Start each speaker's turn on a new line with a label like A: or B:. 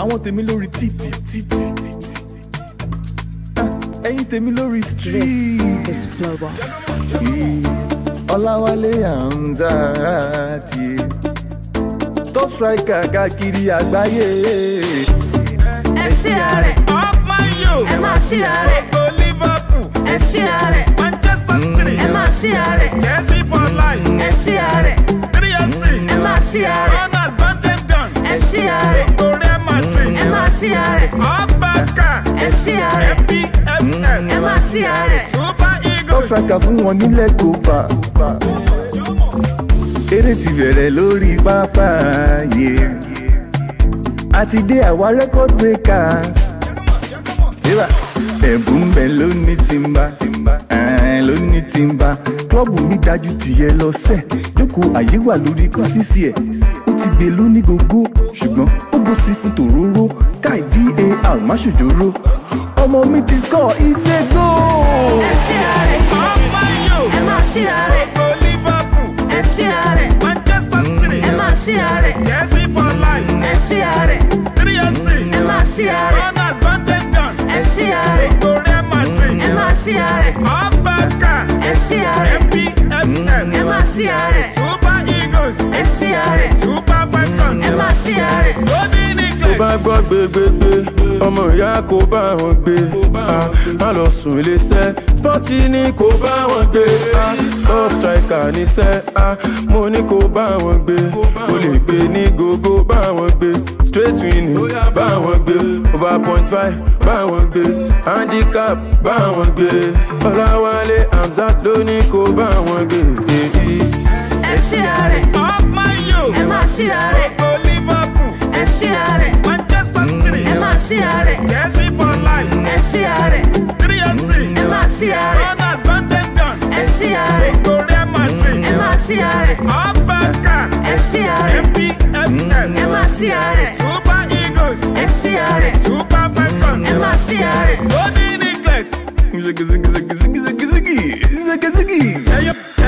A: àwọn tèmi lórí títì títì ah, ẹ̀yin tèmi lórí street ọláwálé Hamzat top striker káàkiri àgbáyé. ẹ ṣí ààrẹ
B: ọgbọ́n yóò ẹ máa ṣí ààrẹ gbogbo Liverpool ẹ ṣí ààrẹ Manchester City ẹ máa ṣí ààrẹ Chelsea for life ẹ ṣí ààrẹ three fc ẹ máa ṣí ààrẹ. ṣíyà rẹ̀. E. Abaka ẹ ṣíyà rẹ̀.
A: BFM ẹ máa ṣíyà rẹ̀. Super Eagles. Ó fẹ́ kà fún wọn nílẹ̀ kópa. Eré ti bẹ̀rẹ̀ lórí pápá yẹ. A ti dé àwa record breakers. Ẹ̀bùn bẹ̀ ló ní tìǹbà ọkùnrin ló ní tìǹbà klọ́ọ̀bù mi dájú tìyẹ lọ jókòó àyè wà lórí kọ́sísì ẹ̀ ó ti gbé lóní gógó ṣùgbọ́n ó bó sí fún tòróró káì var má ṣòjóró ọmọ mi ti score it's a ẹ ṣe àárẹ̀ ọ̀pá ẹ máa ṣe àárẹ̀ ọ̀pọ̀
B: Liverpool ẹ ṣe àárẹ̀ Manchester mm. City ẹ máa ṣe àárẹ̀ Chelsea for life ẹ ṣe àárẹ̀ three fc ẹ máa ṣe àárẹ̀ runners gone. SCR MPFM MCR Super Eagles SCR Super Falcons MCR
C: Dominic Lex. tó bá gbọ́ ọmọ ìyá kò bá wọn gbé ah, má lọ sùn iléeṣẹ́ spọ́tì ni kò bá wọn gbé ah, top striker níṣẹ́ ah, mo ní kò bá wọn gbé mo lè gbé ní gógó bá wọn gbé straight winning bá wọn gbé over point five bá wọn gbé handicap bá wọn gbé ọláwálé hamzat ló ní kò bá wọn gbé. ẹ ṣe àárẹ̀ ọ̀pá yòó ẹ má ṣe àárẹ̀ ó Liverpool
B: ẹ ṣe àárẹ̀ Manchester City. Mm. máa ṣí for life. Ẹ Three years in. Ẹ máa ṣí àárẹ̀. Honors Golden Dawn. Victoria Madrid. Ẹ máa ṣí àárẹ̀. Ọ̀bàkà. Ẹ ṣí Super Eagles. Ẹ ṣí àárẹ̀. Super Falcons. Ẹ máa ṣí àárẹ̀. Lónìí
D: neglect. Ziggy ziggy ziggy ziggy ziggy ziggy ziggy ziggy.